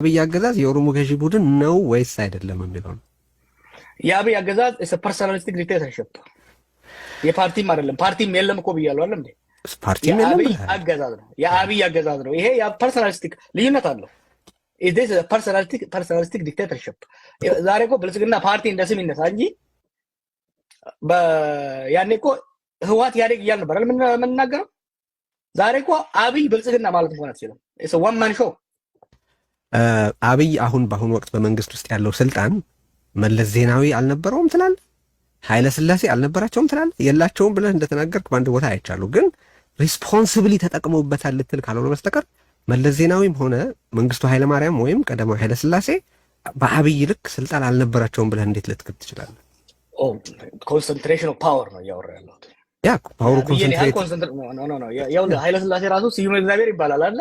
የአብይ አገዛዝ የኦሮሞ ገዢ ቡድን ነው ወይስ አይደለም የሚለው ነው። የአብይ አገዛዝ ፐርሶናሊስቲክ ዲክቴተርሽፕ የፓርቲም አይደለም ፓርቲም የለም እኮ ብያለሁ። አለ እንዴ ፓርቲም የለም አገዛዝ ነው። የአብይ አገዛዝ ነው። ይሄ ፐርሶናሊስቲክ ልዩነት አለው። ፐርሶናሊስቲክ ዲክቴተርሽፕ ዛሬ እኮ ብልጽግና ፓርቲ እንደ ስም ይነሳ እንጂ ያኔ እኮ ህዋት ያደግ እያል ነበር የምንናገረው። ዛሬ እኮ አብይ ብልጽግና ማለት እንኳን አትችልም። ዋን ማን ሾው አብይ አሁን በአሁኑ ወቅት በመንግስት ውስጥ ያለው ስልጣን መለስ ዜናዊ አልነበረውም ትላል ኃይለ ስላሴ አልነበራቸውም ትላል የላቸውም ብለህ እንደተናገርክ በአንድ ቦታ አይቻሉ። ግን ሪስፖንስብሊ ተጠቅመውበታል ልትል ካልሆነ በስተቀር መለስ ዜናዊም ሆነ መንግስቱ ኃይለማርያም ወይም ቀደማዊ ኃይለ ስላሴ በአብይ ልክ ስልጣን አልነበራቸውም ብለህ እንዴት ልትክድ ትችላለህ? ኮንሰንትሬሽን ኦፍ ፓወር ነው እያወራ ያለሁት። ያ ፓወሩ ኮንሰንትሬት ስላሴ ራሱ ስዩም እግዚአብሔር ይባላል አለ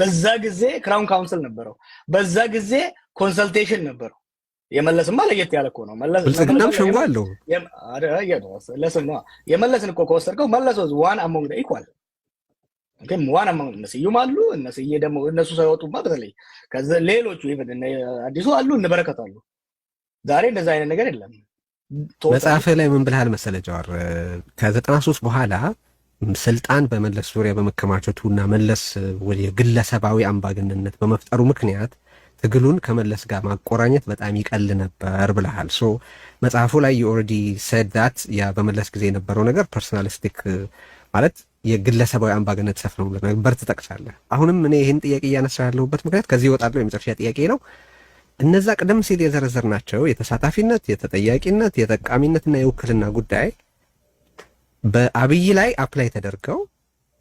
በዛ ጊዜ ክራውን ካውንስል ነበረው። በዛ ጊዜ ኮንሰልቴሽን ነበረው። የመለስማ ለየት ያለ እኮ ነው። ብልጽግናም ሸንጎ አለው። የመለስን እኮ ከወሰድከው መለስ ዋን አሞንግ ይኳል ግን ዋን አሞንግ እነስዩም አሉ። እነስዬ ደግሞ እነሱ ሳይወጡማ በተለይ ከዚ ሌሎቹ አዲሱ አሉ እንበረከት አሉ። ዛሬ እንደዛ አይነት ነገር የለም። መጽሐፍህ ላይ ምን ብልሃል መሰለ ጀዋር ከዘጠና ሶስት በኋላ ስልጣን በመለስ ዙሪያ በመከማቸቱና መለስ ግለሰባዊ አምባገነንነት በመፍጠሩ ምክንያት ትግሉን ከመለስ ጋር ማቆራኘት በጣም ይቀል ነበር ብለሃል። ሶ መጽሐፉ ላይ የኦልሬዲ ሰድ ዳት ያ በመለስ ጊዜ የነበረው ነገር ፐርሶናሊስቲክ ማለት የግለሰባዊ አምባገነት ሰፍ ነው ነበር ትጠቅሳለህ። አሁንም እኔ ይህን ጥያቄ እያነሳ ያለሁበት ምክንያት ከዚህ ይወጣለሁ የመጨረሻ ጥያቄ ነው። እነዛ ቅደም ሲል ናቸው። የተሳታፊነት፣ የተጠያቂነት፣ የጠቃሚነትና የውክልና ጉዳይ በአብይ ላይ አፕላይ ተደርገው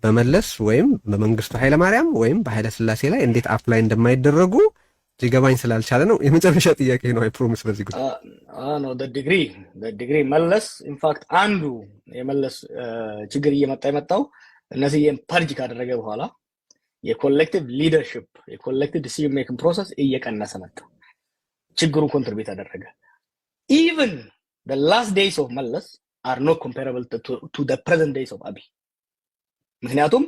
በመለስ ወይም በመንግስቱ ኃይለ ማርያም ወይም በኃይለ ስላሴ ላይ እንዴት አፕላይ እንደማይደረጉ ሊገባኝ ስላልቻለ ነው። የመጨረሻ ጥያቄ ነው። ፕሮሚስ በዚህ ዲግሪ ዲግሪ መለስ ኢንፋክት አንዱ የመለስ ችግር እየመጣ የመጣው እነዚህ ፐርጅ ካደረገ በኋላ የኮሌክቲቭ ሊደርሽፕ የኮሌክቲቭ ዲሲዥን ሜኪንግ ፕሮሰስ እየቀነሰ መጣ። ችግሩ ኮንትሪቢዩት አደረገ ኢቨን ላስት ዴይስ ኦፍ መለስ አር ኖት ኮምፓራብል ቱ ፕሬዘንት ዴይስ ኦፍ አቢ። ምክንያቱም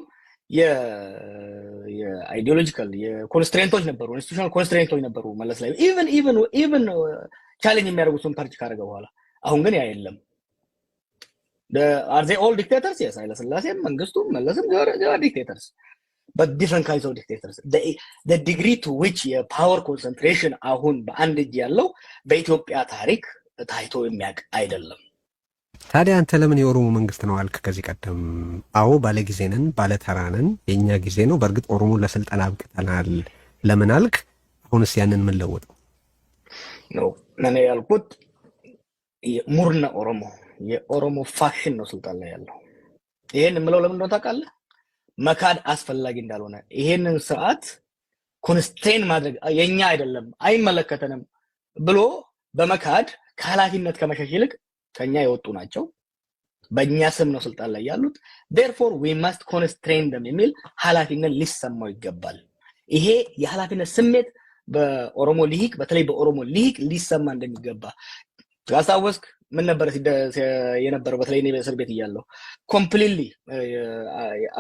የአይዲዮሎጂካል የኮንስትሬንቶች ነበሩ፣ ኢንስቲቱሽናል ኮንስትሬንቶች ነበሩ መለስ ላይ ኢቨን ቻሌንጅ uh, የሚያደርጉትን ፐርጅ ካደረገ በኋላ። አሁን ግን ያ የለም። አር ኦል ዲክቴተርስ? የስ ኃይለስላሴም መንግስቱም መለስም ዲክቴተርስ በት ካይንስ ኦፍ ዲክቴተርስ ዲግሪ ቱ ዊች የፓወር ኮንሰንትሬሽን አሁን በአንድ እጅ ያለው በኢትዮጵያ ታሪክ ታይቶ የሚያውቅ አይደለም። ታዲያ አንተ ለምን የኦሮሞ መንግስት ነው አልክ? ከዚህ ቀደም አዎ ባለ ጊዜ ነን፣ ነን፣ የእኛ ጊዜ ነው። በእርግጥ ኦሮሞ ለስልጠና አብቅተናል ለምን አልክ? አሁንስ ያንን ምን ለወጠው ነው? እኔ ያልኩት ሙርና ኦሮሞ የኦሮሞ ፋሽን ነው ስልጣን ላይ ያለው። ይሄን የምለው ለምን ነው ታውቃለህ? መካድ አስፈላጊ እንዳልሆነ ይሄንን ስርዓት ኮንስቴን ማድረግ የኛ አይደለም አይመለከተንም ብሎ በመካድ ከኃላፊነት ከመሸሽ ይልቅ ከኛ የወጡ ናቸው። በእኛ ስም ነው ስልጣን ላይ ያሉት። ዴርፎር ዊ መስት ኮንስትሬን ደም የሚል ኃላፊነት ሊሰማው ይገባል። ይሄ የኃላፊነት ስሜት በኦሮሞ ልሂቅ በተለይ በኦሮሞ ሊሂቅ ሊሰማ እንደሚገባ ካስታወስክ ምን ነበረ የነበረው? በተለይ እኔ በእስር ቤት እያለው ኮምፕሊትሊ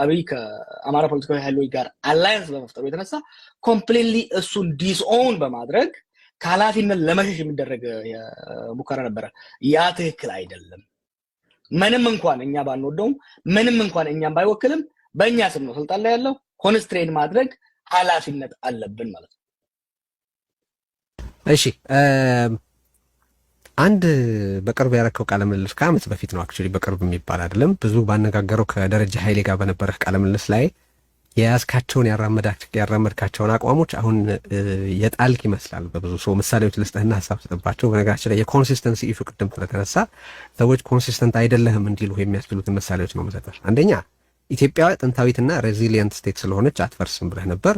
አብይ ከአማራ ፖለቲካዊ ሀይሎች ጋር አላያንስ በመፍጠሩ የተነሳ ኮምፕሊትሊ እሱን ዲስኦውን በማድረግ ከኃላፊነት ለመሸሽ የሚደረግ ሙከራ ነበረ። ያ ትክክል አይደለም። ምንም እንኳን እኛ ባንወደውም፣ ምንም እንኳን እኛም ባይወክልም፣ በእኛ ስም ነው ስልጣን ላይ ያለው። ኮንስትሬን ማድረግ ኃላፊነት አለብን ማለት ነው። እሺ አንድ በቅርብ ያረከው ቃለ ምልልስ ከአመት በፊት ነው። አክቹዋሊ በቅርብ የሚባል አይደለም። ብዙ ባነጋገረው ከደረጃ ኃይሌ ጋር በነበረህ ቃለ ምልልስ ላይ የያዝካቸውን ያራመድካቸውን አቋሞች አሁን የጣልክ ይመስላል። በብዙ ሰው ምሳሌዎች ልስጥህና ሀሳብ ስጥባቸው። በነገራችን ላይ የኮንሲስተንሲ ኢሹ ቅድም ስለተነሳ ሰዎች ኮንሲስተንት አይደለህም እንዲሉ የሚያስችሉትን ምሳሌዎች ነው መሰጠር። አንደኛ ኢትዮጵያ ጥንታዊትና ሬዚሊየንት ስቴት ስለሆነች አትፈርስም ብለህ ነበር።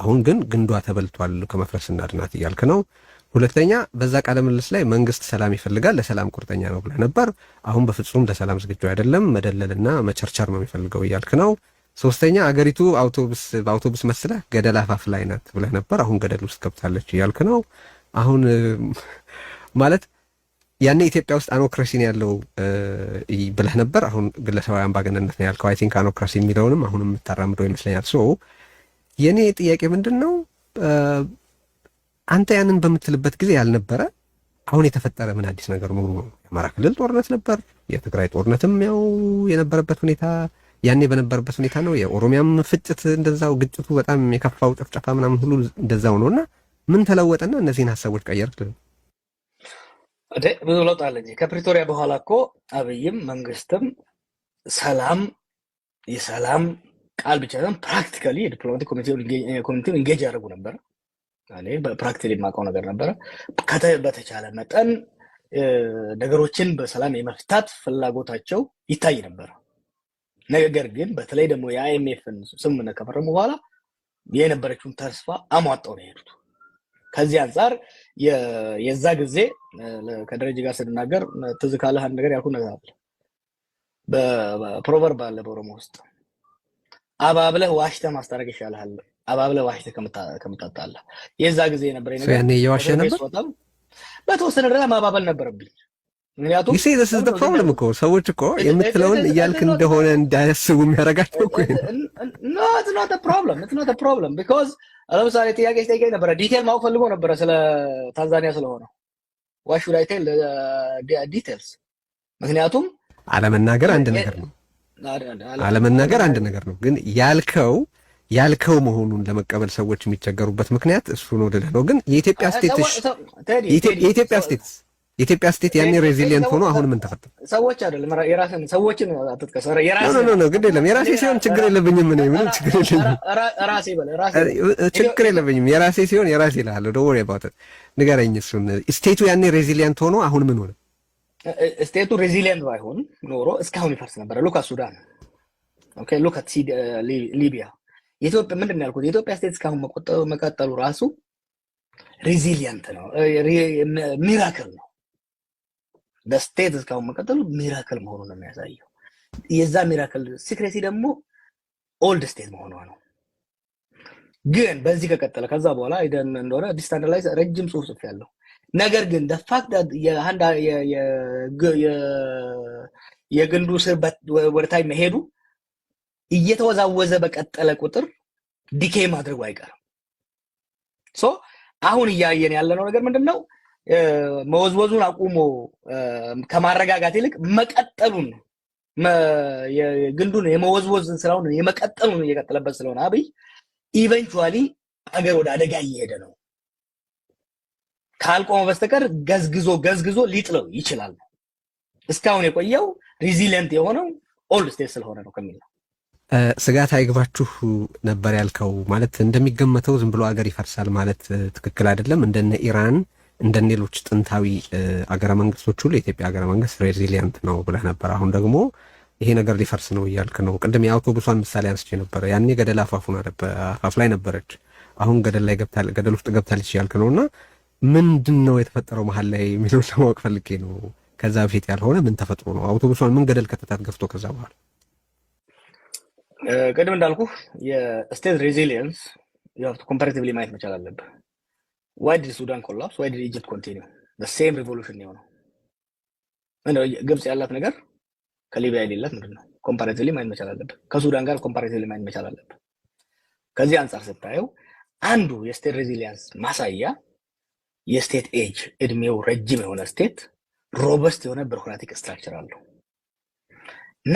አሁን ግን ግንዷ ተበልቷል ከመፍረስ እናድናት እያልክ ነው። ሁለተኛ በዛ ቃለ ምልልስ ላይ መንግስት ሰላም ይፈልጋል ለሰላም ቁርጠኛ ነው ብለህ ነበር። አሁን በፍጹም ለሰላም ዝግጁ አይደለም መደለልና መቸርቸር ነው የሚፈልገው እያልክ ነው። ሶስተኛ አገሪቱ አውቶቡስ በአውቶቡስ መስለህ ገደል አፋፍ ላይ ናት ብለህ ነበር። አሁን ገደል ውስጥ ገብታለች እያልክ ነው። አሁን ማለት ያኔ ኢትዮጵያ ውስጥ ነው ያለው ብለህ ነበር። አሁን ግለሰባዊ አምባገነነት ነው ያልከው። አይ ቲንክ አኖክራሲ የሚለውንም አሁን የምታራምደው ይመስለኛል። ሶ የእኔ ጥያቄ ምንድን ነው አንተ ያንን በምትልበት ጊዜ ያልነበረ አሁን የተፈጠረ ምን አዲስ ነገር ኖሩ ነው? የአማራ ክልል ጦርነት ነበር። የትግራይ ጦርነትም ያው የነበረበት ሁኔታ ያኔ በነበረበት ሁኔታ ነው። የኦሮሚያም ፍጭት እንደዛው ግጭቱ በጣም የከፋው ጭፍጨፋ ምናምን ሁሉ እንደዛው ነውና ምን ተለወጠና እነዚህን ሀሳቦች ቀየርክ? ብዙ ለውጥ አለ እንጂ ከፕሪቶሪያ በኋላ እኮ አብይም መንግስትም ሰላም የሰላም ቃል ብቻ ሳይሆን ፕራክቲካሊ የዲፕሎማቲክ ኮሚኒቲውን ኢንጌጅ ያደርጉ ነበር። ፕራክቲካሊ የማውቀው ነገር ነበረ። በተቻለ መጠን ነገሮችን በሰላም የመፍታት ፍላጎታቸው ይታይ ነበር። ነገር ግን በተለይ ደግሞ የአይኤምኤፍን ስምምነት ከፈረሙ በኋላ የነበረችውን ተስፋ አሟጠው ነው የሄዱት። ከዚህ አንጻር የዛ ጊዜ ከደረጀ ጋር ስንናገር ትዝ ካለህ አንድ ነገር ያልኩህ ነገር አለ። በፕሮቨርብ አለ በኦሮሞ ውስጥ አባብለህ ዋሽተ ማስታረቅ ይሻልሃል አባብለህ ዋሽተ ከምታጣለ የዛ ጊዜ የነበረ ነገር በተወሰነ ደረጃ ማባበል ነበረብኝ ምክንያቱም ይሄ this is ፕሮብለም እኮ ሰዎች እኮ የምትለውን እያልክ እንደሆነ እንዳያስቡ የሚያደርጋቸው እኮ no it's not a problem it's not a problem because ለምሳሌ ጥያቄ ስጠይቀኝ ነበረ ዲቴል ማወቅ ፈልጎ ነበረ ስለ ታንዛኒያ ስለሆነ why should i tell uh, details ምክንያቱም አለመናገር አንድ ነገር ነው አለመናገር አንድ ነገር ነው ግን ያልከው ያልከው መሆኑን ለመቀበል ሰዎች የሚቸገሩበት ምክንያት እሱ ነው ልልህ ነው ግን የኢትዮጵያ ስቴትስ የኢትዮጵያ ስቴትስ የኢትዮጵያ ስቴት ያኔ ሬዚሊየንት ሆኖ አሁን ምን ተፈጠረ? ሰዎች አይደለም የራስን ሰዎችን አትጥቀስ። የራስን ነው ነው ግድ የለም የራሴ ሲሆን ችግር የለብኝም። ምን ምንም ችግር የለብኝም። ችግር የለብኝም። የራሴ ሲሆን የራሴ እልሃለሁ። ዶንት ወሪ አባውት ንገረኝ። እሱን ስቴቱ ያኔ ሬዚሊየንት ሆኖ አሁን ምን ሆነ? ስቴቱ ሬዚሊየንት ባይሆን ኖሮ እስካሁን ይፈርስ ነበረ። ሉክ አት ሱዳን፣ ኦኬ ሉክ አት ሊቢያ። የኢትዮጵያ ምንድን ነው ያልኩት? የኢትዮጵያ ስቴት እስካሁን መቀጠሉ ራሱ ሬዚሊየንት ነው፣ ሚራክል ነው በስቴት እስካሁን መቀጠሉ ሚራክል መሆኑን ነው የሚያሳየው። የዛ ሚራክል ሲክሬሲ ደግሞ ኦልድ ስቴት መሆኗ ነው። ግን በዚህ ከቀጠለ ከዛ በኋላ እንደሆነ ዲስታንዳላይዝ ረጅም ጽሁፍ ጽፍ ያለው ነገር ግን ፋክት የግንዱ ስር ወደታይ መሄዱ እየተወዛወዘ በቀጠለ ቁጥር ዲኬ ማድረጉ አይቀርም። ሶ አሁን እያየን ያለነው ነገር ምንድን ነው? መወዝወዙን አቁሞ ከማረጋጋት ይልቅ መቀጠሉን ግንዱን የመወዝወዝን ስራውን የመቀጠሉን እየቀጠለበት ስለሆነ አብይ ኢቨንቹዋሊ አገር ወደ አደጋ እየሄደ ነው። ካልቆመ በስተቀር ገዝግዞ ገዝግዞ ሊጥለው ይችላል። እስካሁን የቆየው ሪዚሊየንት የሆነው ኦልድ ስቴት ስለሆነ ነው ከሚል ነው። ስጋት አይግባችሁ ነበር ያልከው ማለት እንደሚገመተው ዝም ብሎ አገር ይፈርሳል ማለት ትክክል አይደለም። እንደነ ኢራን እንደ ሌሎች ጥንታዊ አገረ መንግስቶች ሁሉ የኢትዮጵያ አገረ መንግስት ሬዚሊየንት ነው ብለህ ነበር። አሁን ደግሞ ይሄ ነገር ሊፈርስ ነው እያልክ ነው። ቅድም የአውቶቡሷን ምሳሌ አንስቼ ነበረ። ያኔ ገደል አፋፉን አፋፍ ላይ ነበረች፣ አሁን ገደል ላይ ገደል ውስጥ ገብታለች እያልክ ነው። እና ምንድን ነው የተፈጠረው መሀል ላይ የሚለውን ለማወቅ ፈልጌ ነው። ከዛ በፊት ያልሆነ ምን ተፈጥሮ ነው? አውቶቡሷን ምን ገደል ከተታት ገፍቶ ከዛ በኋላ ቅድም እንዳልኩ የስቴት ሬዚሊየንስ ኮምፓሬቲቭሊ ማየት መቻል አለብህ። ዋይ ዲድ ሱዳን ኮላፕስ? ዋይ ዲድ ኢጅፕት ኮንቲኒው በሴም ሪቮሉሽን የሆነው ግብፅ ያላት ነገር ከሊቢያ የሌላት ምንድን ነው? ኮምፓሬቲቭሊ ማየት መቻል አለብን። ከሱዳን ጋር ኮምፓሬቲቭሊ ማየት መቻል አለብ። ከዚህ አንጻር ስታየው አንዱ የስቴት ሬዚሊያንስ ማሳያ የስቴት ኤጅ እድሜው ረጅም የሆነ ስቴት ሮበስት የሆነ ቢሮክራቲክ ስትራክቸር አለው።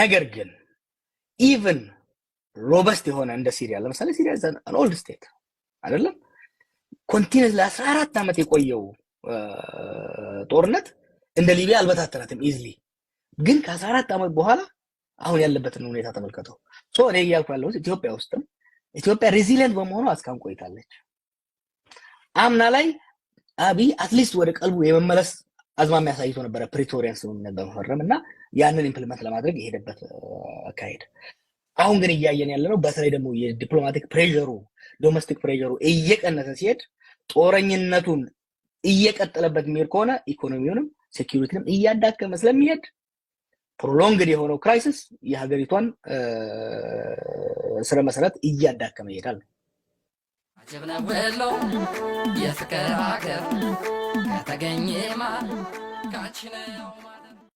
ነገር ግን ኢቨን ሮበስት የሆነ እንደ ሲሪያ ለምሳሌ ሲሪያ ኦልድ ስቴት አይደለም ኮንቲነንት ለአስራ አራት ዓመት የቆየው ጦርነት እንደ ሊቢያ አልበታተናትም ኢዝሊ። ግን ከአስራ አራት ዓመት በኋላ አሁን ያለበትን ሁኔታ ተመልከተው። እኔ እያልኩ ያለሁት ኢትዮጵያ ውስጥም ኢትዮጵያ ሬዚሊየንት በመሆኗ እስካሁን ቆይታለች። አምና ላይ አብይ አትሊስት ወደ ቀልቡ የመመለስ አዝማሚያ አሳይቶ ነበረ ፕሪቶሪያን ስምምነት በመፈረም እና ያንን ኢምፕልመንት ለማድረግ የሄደበት አካሄድ። አሁን ግን እያየን ያለነው በተለይ ደግሞ የዲፕሎማቲክ ፕሬሩ ዶሜስቲክ ፕሬሩ እየቀነሰ ሲሄድ ጦረኝነቱን እየቀጠለበት የሚሄድ ከሆነ ኢኮኖሚውንም ሴኪሪቲንም እያዳከመ ስለሚሄድ ፕሮሎንግድ የሆነው ክራይሲስ የሀገሪቷን ስረ መሰረት እያዳከመ ይሄዳል። የፍቅር ሀገር ከተገኘማ